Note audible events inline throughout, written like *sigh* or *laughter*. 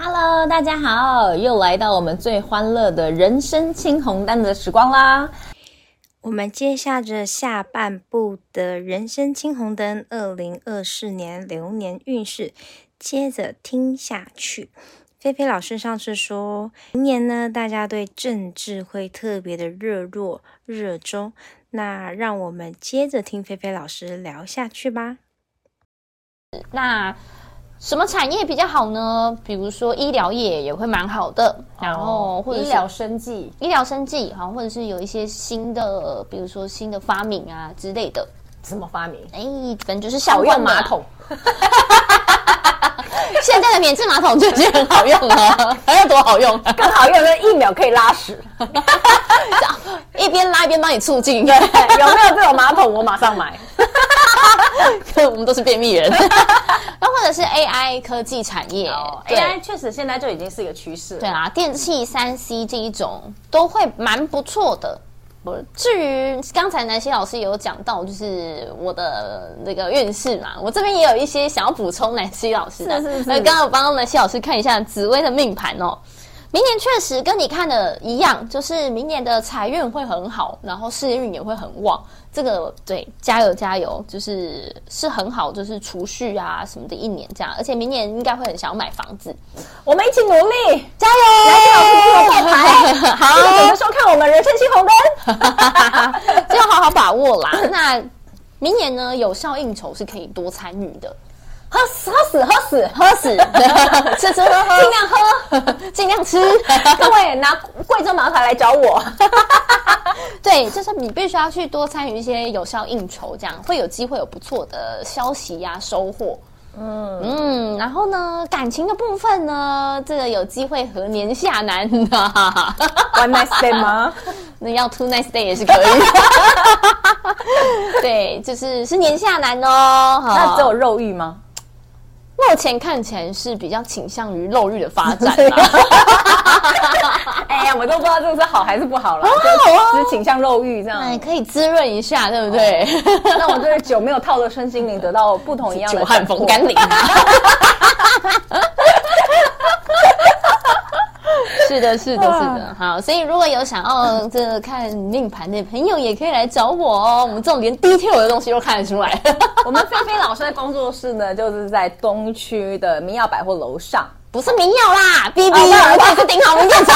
Hello，大家好，又來到我們最歡樂的人生青紅燈的時光啦！我們接下着下半部的人生青紅燈，二零二四年流年運勢，接着聽下去。菲菲老師上次說，明年呢，大家對政治會特別的熱絡、熱衷，那讓我們接着聽菲菲老師聊下去吧。那。什麼產業比較好呢？比如說醫療業也，也會蠻好的，然後或者醫療生技、醫療生技，好，或者是有一些新的，比如說新的發明啊之類的。什麼發明？哎，反正就是小、哦、用馬桶。 *laughs* *laughs* 現在的免治馬桶就已經很好用了，啊， *laughs* 還要多好用啊？更好用，是一秒可以拉屎， *laughs* 一邊拉一邊幫你促進，有沒有這種馬桶？ *laughs* 我馬上買。 *laughs* *laughs* 我們都是便秘人， *laughs* *laughs* 那或者是 AI 科技產業，oh，AI 確實現在就已經是一個趨勢了。對。對啊，電器三 C 這一種都會蠻不錯的。至於剛才南希老師有講到，就是我的那個運勢嘛，我這邊也有一些想要補充南希老師的。是是是，那剛好幫南希老師看一下紫薇的命盤哦，明年確實跟你看的一樣，就是明年的財運會很好，然後事業運也會很旺。這個對，加油加油，就是是很好，就是儲蓄啊什麼的，一年這樣，而且明年應該會很想要買房子，我們一起努力，加油！來，謝老師，聽我牌，好，怎麼收看我們人生新紅燈，要 *laughs* *laughs* 好好把握啦。那明年呢，有效應酬是可以多參與的。喝死喝死喝死喝死，喝死喝死喝死 *laughs* 吃吃喝喝，盡量喝， *laughs* 盡量吃。 *laughs* 各位拿貴州茅台來找我， *laughs* 對，就是你必須要去多參與一些有效應酬，這樣會有機會有不錯的消息呀、啊、收穫。嗯嗯，然後呢，感情的部分呢，這個有機會和年下男哈，哈，哈，哈 One nice day 嗎？ *laughs* 那要 two nice day 也是可以。 *laughs* *laughs* *laughs* 對，就是是年下男哦。 *laughs* 那只有肉欲嗎？目前看起來是比較傾向於肉欲的發展，哎呀，我都不知道這個是好還是不好了，啊、就只傾向肉欲這樣，啊哦、哎，可以滋潤一下，對不對？哦、 *laughs* 那我這個久沒有套着身心靈，得到不同一樣的，久旱逢甘霖、啊。 *laughs* *laughs* *laughs* 是的，是的，啊，是的，好，所以如果有想要這個看命盤的朋友，也可以來找我哦。我們這種連 detail 的東西都看得出來。 *laughs* 我們菲菲老師的工作室呢，就是在東區的明曜百貨樓上，不是明曜啦，B B，、啊、我們開始頂好名店城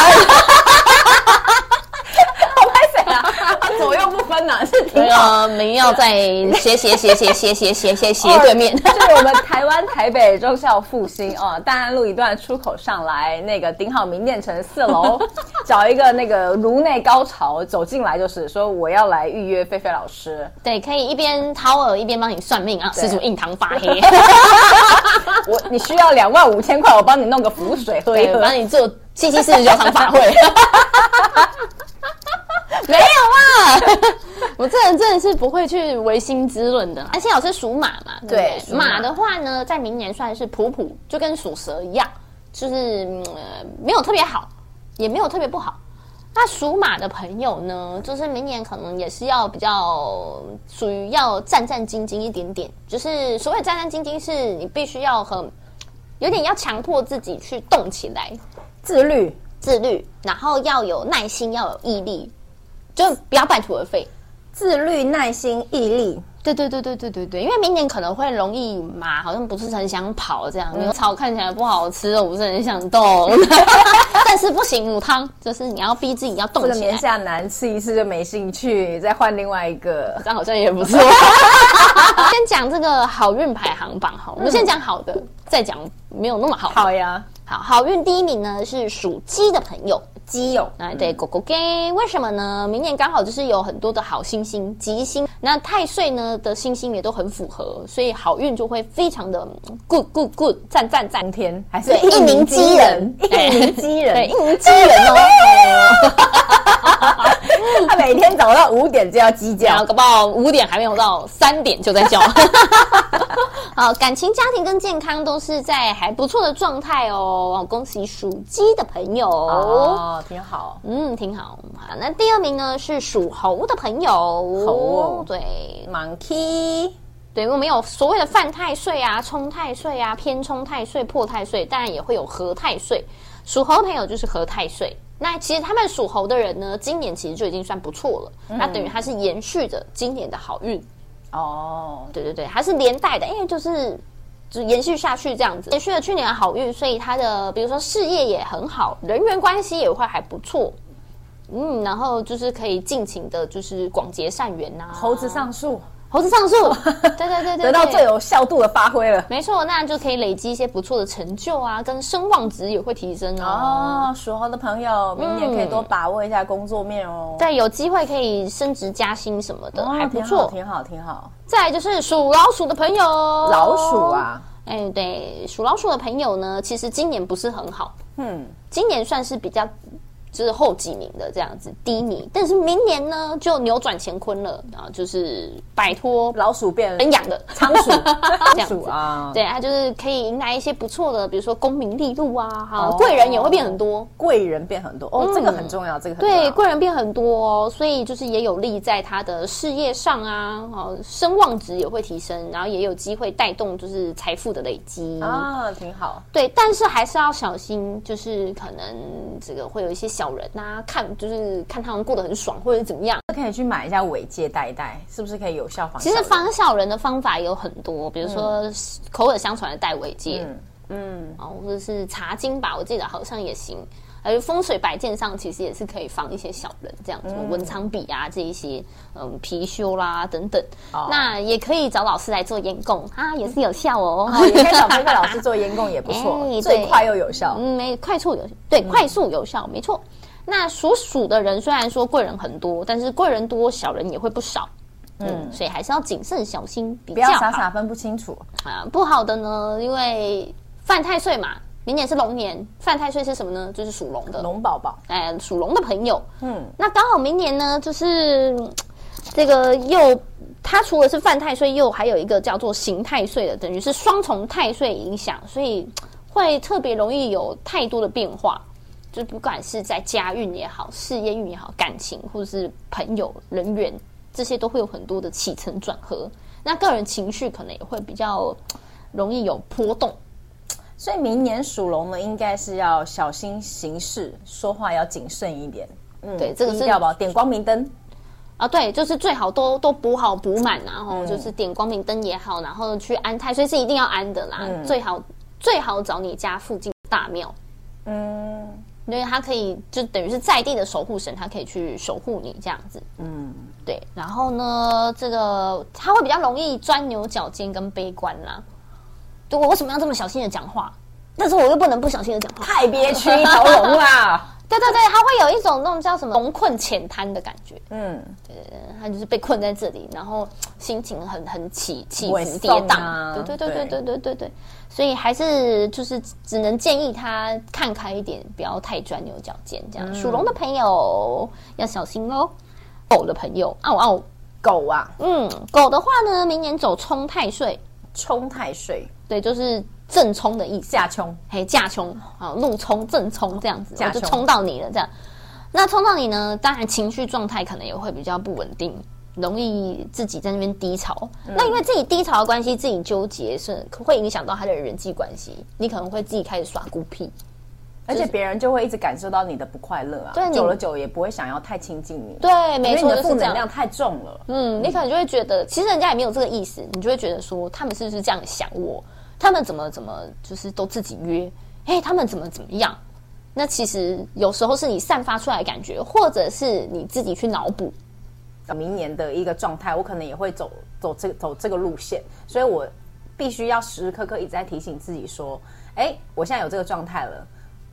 分啊， *music* 是挺好、啊。民耀在斜斜斜斜斜斜，斜斜斜斜斜斜斜斜斜對面 *laughs* 、哦，就我們台灣台北忠孝復興哦，大安路一段出口上來，那個頂好名店城四樓， *laughs* 找一個那個顱內高潮走進來就是說我要來預約菲菲老師。對，可以一邊掏耳一邊幫你算命啊，施主印堂發黑。 *laughs* *laughs* 我你需要兩萬五千塊，我幫你弄個符水喝一喝，幫你做七七四十九場法會。 *laughs* *laughs* 沒有啊。 *laughs* 我這人真的是不會去違心之論的，而、啊、且我是屬馬嘛，對，對馬，馬的話呢，在明年算是普普，就跟屬蛇一樣，就是、呃、沒有特別好，也沒有特別不好。那屬馬的朋友呢，就是明年可能也是要比較屬於要戰戰兢兢一點點，就是所謂戰戰兢兢，是你必須要很有點要強迫自己去動起來，自律，自律，然後要有耐心，要有毅力，就不要半途而廢。自律、耐心、毅力，對對對對對對對，因為明年可能會容易嘛，好像不是很想跑這樣。你、嗯、草看起來不好吃，我不是很想動。 *laughs* *laughs* 但是不行，母湯就是你要逼自己要動起來。這個年下難吃一次就沒興趣，再換另外一個，這樣好像也不錯。 *laughs* *laughs* 先講這個好運排行榜哈，我們先講好的、嗯，再講沒有那麼好。好呀，好，好運第一名呢是屬雞的朋友。基友啊、嗯，對，狗狗 gay，為什麼呢？明年剛好就是有很多的好星星、吉星，那太歲呢的星星也都很符合，所以好運就會非常的 good good good，讚讚讚！天，還是一鳴雞人，一名雞人、欸一名雞人對，一名雞人哦！ *laughs* *laughs* *laughs* 他每天早上五點就要雞叫，搞不好五點還沒有到，三點就在叫。 *laughs* *laughs* 好、哦、感情、家庭跟健康都是在還不錯的狀態哦，恭喜屬雞的朋友哦，oh, 挺好，嗯，挺好。好，那第二名呢是屬猴的朋友，猴對，monkey，對，因為我們有所謂的犯太歲啊、沖太歲啊、偏沖太歲、破太歲，當然也會有合太歲。屬猴的朋友就是合太歲。那其實他們屬猴的人呢，今年其實就已經算不錯了，嗯、那等於他是延續着今年的好運。哦、oh.，對對對，還是連帶的，因為就是，就延續下去這樣子，延續了去年的好運，所以他的比如說事業也很好，人緣關係也會還不錯，嗯，然後就是可以盡情的，就是廣結善緣啊，猴子上樹。猴子上樹，哦、對，對對對，得到最有效度的發揮了。沒錯，那就可以累積一些不錯的成就啊，跟聲望值也會提升哦、啊。哦，屬猴的朋友、嗯，明年可以多把握一下工作面哦。對，有機會可以升職加薪什麼的，哦、還不錯，挺好，挺好，挺好再來就是屬老鼠的朋友，老鼠啊，哎，對，屬老鼠的朋友呢，其實今年不是很好，嗯，今年算是比較。就是後幾名的這樣子低迷，但是明年呢，就扭轉乾坤了啊！然後就是擺脫老鼠變很養的倉鼠，倉 *laughs* 鼠啊，對，他就是可以迎來一些不錯的，比如說功名利祿啊，哈，哦、貴人也會變很多，哦、貴人變很多，哦、嗯，這個很重要，這個很重要，對，貴人變很多，哦，所以就是也有利在他的事業上啊，哈，聲望值也會提升，然後也有機會帶動就是財富的累積啊，挺好，對，但是還是要小心，就是可能這個會有一些小。小人、啊，那看就是看他們過得很爽，或者是怎麼樣，可以去買一下尾戒戴一戴，是不是可以有效防？其實防小人的方法有很多，比如說口耳相傳的戴尾戒，嗯，嗯或者是茶巾吧，我記得好像也行。還有風水擺件上，其實也是可以放一些小人，這樣子，文昌筆啊，這一些，嗯，貔貅啦等等。那也可以找老師來做煙供，啊，也是有效哦。也可以找專業的老師做煙供也不錯，最快又有效。嗯，沒快速有效。對，快速有效沒錯。那屬鼠的人雖然說貴人很多，但是貴人多小人也會不少。嗯，所以還是要謹慎小心，不要傻傻分不清楚啊。不好的呢，因為犯太歲嘛。明年是龍年，犯太歲是什麼呢？就是屬龍的龍寶寶，哎，屬、呃、龍的朋友。嗯，那剛好明年呢，就是這個又他除了是犯太歲，又還有一個叫做刑太歲的，等於是雙重太歲影響，所以會特別容易有太多的變化。就不管是在家運也好、事業運也好、感情或者是朋友、人緣這些，都會有很多的起承轉合。那個人情緒可能也會比較容易有波動。所以明年屬龍的應該是要小心行事，說話要謹慎一點。嗯，對，這個是要不要點光明燈啊，對，就是最好都都補好補滿，然後就是點光明燈也好，然後去安太，所以是一定要安的啦。嗯，最好最好找你家附近大廟，嗯，因為他可以就等於是在地的守護神，他可以去守護你這樣子。嗯，對。然後呢，這個他會比較容易鑽牛角尖跟悲觀啦。我為什麼要這麼小心的講話？但是我又不能不小心的講話，太憋屈一條龍啦！ *laughs* *laughs* *laughs* 對對對，他會有一種那種叫什麼“龍困淺灘”的感覺。嗯，對對對，他就是被困在這裡，然後心情很很起起伏、啊、跌宕。對對對對對對對對，對，所以還是就是只能建議他看開一點，不要太鑽牛角尖。這樣、嗯、屬龍的朋友要小心哦，狗的朋友，啊、哦、啊、哦，狗啊，嗯，狗的話呢，明年走沖太歲。沖太歲，對，就是正沖的意思。下沖，嘿，架沖啊，怒沖、正沖這樣子，沖就沖到你了。這樣，那沖到你呢，當然情緒狀態可能也會比較不穩定，容易自己在那邊低潮。嗯、那因為自己低潮的關係，自己糾結，是會影響到他的人際關係。你可能會自己開始耍孤僻。就是、而且別人就會一直感受到你的不快樂啊，對，久了久也不會想要太親近你，對，沒錯，你的負能量太重了，就是這樣，嗯，嗯，你可能就會覺得，其實人家也沒有這個意思，你就會覺得說，他們是不是這樣想我？他們怎麼怎麼就是都自己約？哎、欸，他們怎麼怎麼樣？那其實有時候是你散發出來的感覺，或者是你自己去腦補，明年的一個狀態，我可能也會走走這走這個路線，所以我必須要時時刻刻一直在提醒自己說，哎、欸，我現在有這個狀態了。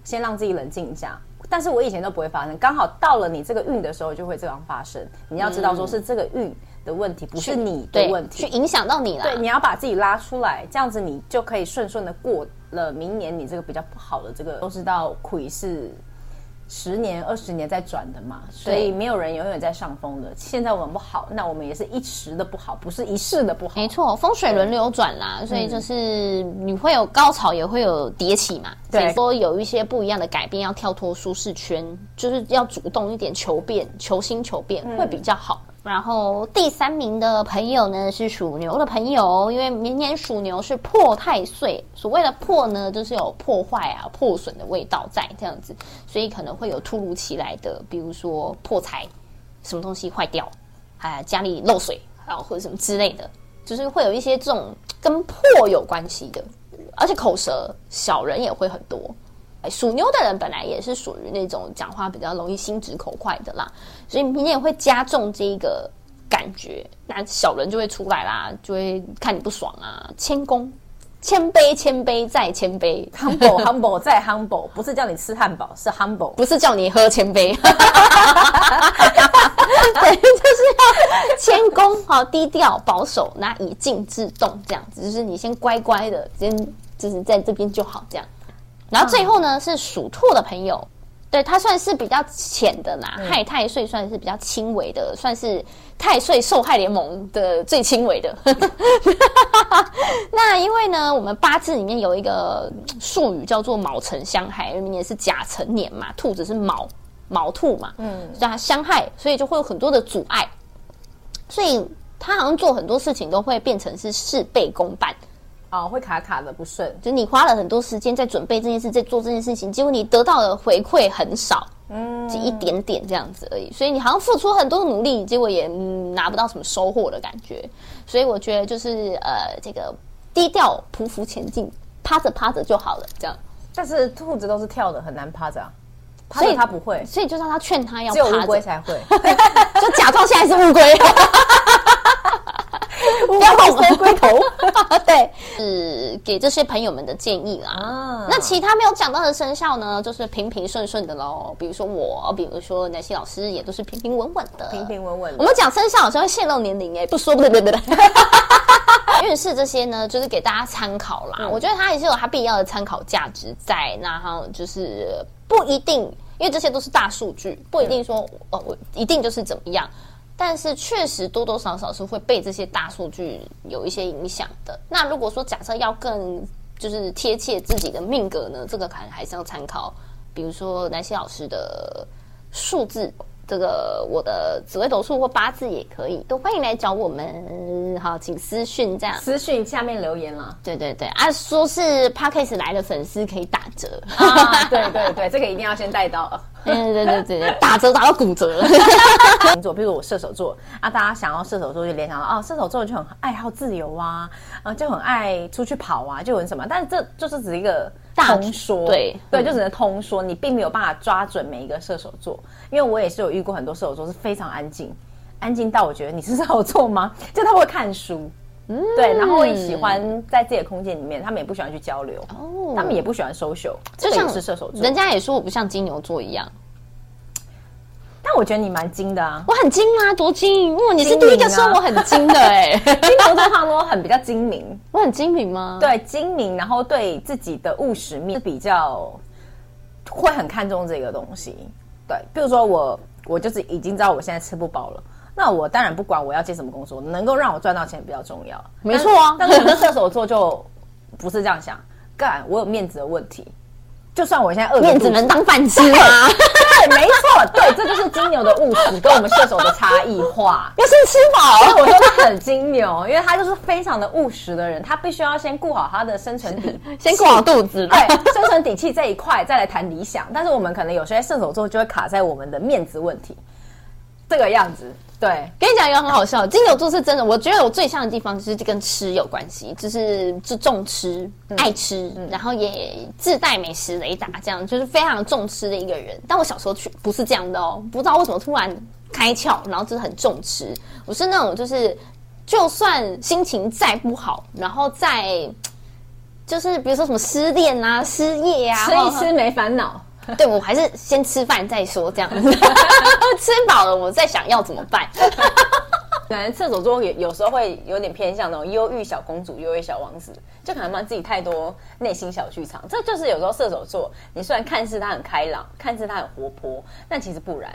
先讓自己冷靜一下，但是我以前都不會發生，剛好到了你這個運的時候就會這樣發生。你要知道，說是這個運的問題、嗯，不是你的問題，去影響到你了。對，你要把自己拉出來，這樣子你就可以順順的過了明年。你這個比較不好的這個，都知道苦一世。十年二十年在轉的嘛，所以沒有人永遠在上風的。現在我們不好，那我們也是一時的不好，不是一世的不好。沒錯，風水輪流轉啦，所以就是你會有高潮，也會有迭起嘛。對，所以說有一些不一樣的改變，要跳脫舒適圈，就是要主動一點，求變、求新、求變會比較好。嗯然後第三名的朋友呢，是屬牛的朋友，因為明年屬牛是破太歲。所謂的破呢，就是有破壞啊、破損的味道在這樣子，所以可能會有突如其來的，比如說破財，什麼東西壞掉，啊，家裡漏水，啊或者什麼之類的，就是會有一些這種跟破有關係的，而且口舌小人也會很多。欸，屬牛的人本來也是屬於那種講話比較容易心直口快的啦，所以明年也會加重這一個感覺，那小人就會出來啦，就會看你不爽啊。謙恭，謙卑，謙卑再謙卑，humble *laughs* humble *laughs* 再 humble，不是叫你吃漢堡，是 humble，不是叫你喝千杯，對 *laughs* *laughs* *laughs* *laughs* 就是要謙恭哈，低調保守，那以靜制動這樣子，就是你先乖乖的，先就是在這邊就好這樣。然後最後呢，oh. 是屬兔的朋友，對他算是比較淺的啦，嗯、害太歲算是比較輕微的，算是太歲受害聯盟的最輕微的。 *laughs* *laughs* *laughs* *laughs* *laughs* 那因為呢，我們八字裡面有一個術語叫做卯辰相害，因為明年是甲辰年嘛，兔子是卯，卯兔嘛，嗯、所以它相害，所以就會有很多的阻礙，所以他好像做很多事情都會變成是事倍功半。哦，會卡卡的不順，就你花了很多時間在準備這件事，在做這件事情，結果你得到的回饋很少，嗯，就一點點這樣子而已。所以你好像付出很多努力，結果也、嗯、拿不到什麼收穫的感覺。所以我覺得就是呃，這個低調匍匐前進，趴着趴着就好了，這樣。但是兔子都是跳的，很難趴着、啊，所以他不會。所以，所以就讓他勸他要趴着，只有烏龜才會， *laughs* 就假裝現在是烏龜，不要碰烏龜頭。 *laughs* *laughs* 對，就是給這些朋友們的建議啦。啊,那其他沒有講到的生肖呢，就是平平順順的嘍。比如說我，比如說南希老師，也都是平平穩穩的。平平穩穩。我們講生肖好像會泄露年齡哎、欸，不說的的的，不對，不對，不對。運勢這些呢，就是給大家參考啦、嗯。我覺得它也是有它必要的參考價值在。然後就是不一定，因為這些都是大數據，不一定說哦、嗯呃，我一定就是怎麼樣。但是確實多多少少是會被這些大數據有一些影響的。那如果說假設要更就是貼切自己的命格呢，這個可能還是要參考，比如說南希老師的數字。這個我的紫微斗數或八字也可以，都歡迎來找我們。好，請私訊這樣，私訊下面留言啦，對對對，啊，說是 Podcast 來的粉絲可以打折。啊、對對對， *laughs* 這個一定要先帶到。嗯、欸，對對對對， *laughs* 打折打到骨折。星座，比如我射手座啊，大家想要射手座就聯想到哦，射手座就很愛好自由啊，啊，就很愛出去跑啊，就很什麼，但是這就是指一個。通說對對，就只能通說、嗯，你並沒有辦法抓準每一個射手座，因為我也是有遇過很多射手座是非常安靜，安靜到我覺得你是射手座嗎？就他會看書，嗯。對，然後會喜歡在自己的空間裡面，他們也不喜歡去交流，哦，他們也不喜歡 social，就像是射手座，人家也說我不像金牛座一樣。那我覺得你蠻精的啊！我很精嗎、啊？多精！哦。你是第一個說我很精的哎、欸。金牛座話說很比較精明，我很精明嗎？對，精明，然後對自己的務實面是比較會很看重這個東西。對，比如說我，我就是已經知道我現在吃不飽了，那我當然不管我要接什麼工作，能夠讓我賺到錢比較重要。沒錯啊， *laughs* 但是射手座就不是這樣想，幹我有面子的問題。就算我現在餓了肚子，面子能當飯吃嗎、啊？對，沒錯，對，這就是金牛的務實 *laughs* 跟我們射手的差異化。要先吃飽、啊，我說是很金牛，因為他就是非常的務實的人，他必須要先顧好他的生存底，先顧好肚子，對，生存底氣這一塊再來談理想。 *laughs* 但是我們可能有些射手座就會卡在我們的面子問題，這個樣子。對，跟你講一個很好笑。金牛座是真的，我覺得我最像的地方就是跟吃有關係，就是就重吃、嗯、愛吃、嗯，然後也自帶美食雷達，這樣就是非常重吃的一個人。但我小時候卻不是這樣的哦，不知道為什麼突然開竅，然後就是很重吃。我是那種就是，就算心情再不好，然後再就是比如說什麼失戀啊、失業啊，吃一吃沒煩惱。 *laughs* 對我還是先吃飯再說，這樣子 *laughs* 吃飽了我再想要怎麼辦？原 *laughs* 來射手座也有，有時候會有點偏向那種憂鬱小公主、憂鬱小王子，就可能把自己太多內心小劇場。這就是有時候射手座，你雖然看似他很開朗，看似他很活潑，但其實不然。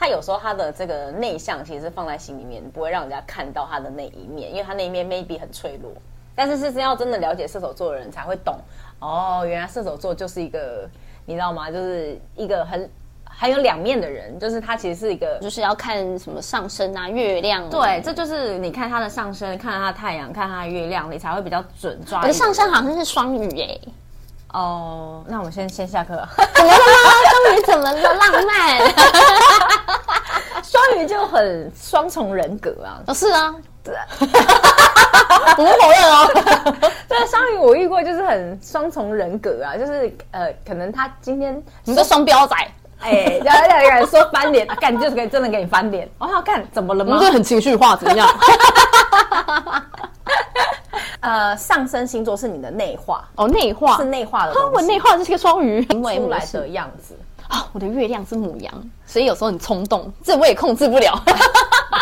他有時候他的這個內向，其實是放在心裡面，不會讓人家看到他的那一面，因為他那一面 maybe 很脆弱。但是，是要真的了解射手座的人才會懂哦，原來射手座就是一個。你知道嗎？就是一個很還有兩面的人，就是他其實是一個，就是要看什麼上升啊、月亮。對，這就是你看他的上升，看他的太陽，看他的月亮，你才會比較準抓。你的上升好像是雙魚耶、欸。哦、呃，那我們先先下課。 *laughs* *laughs* 怎麼了嗎？怎麼了？雙魚怎麼了？浪漫。雙魚就很雙重人格啊。不、哦、是啊。哈哈哈哈哈！我否認哦。對，雙魚我遇過，就是很雙重人格啊，就是呃，可能他今天什麼雙標仔，哎、欸，然後又敢說翻臉，幹、 *laughs* 啊、就是可以真的給你翻臉。要、哦、幹怎麼了嘛？我們就是很情緒化，怎麼樣？哈哈哈哈哈！呃，上升星座是你的內化哦，內化是內化的東西。我內化就是個雙魚出來的樣子。啊、哦，我的月亮是牡羊，所以有時候很衝動，這我也控制不了。 *laughs*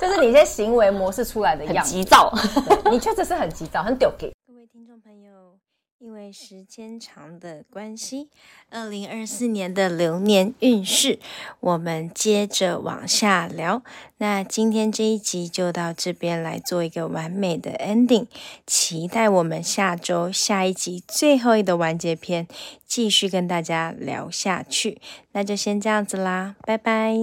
這 *laughs* 是你些行為模式出來的樣子，很急躁。 *laughs* 你確實是很急躁，很丟給。各位聽眾朋友，因為時間長的關係，二零二四年的流年運勢，我們接着往下聊。那今天這一集就到這邊來做一個完美的 ending，期待我們下周下一集最後一個完結篇，繼續跟大家聊下去。那就先這樣子啦，拜拜。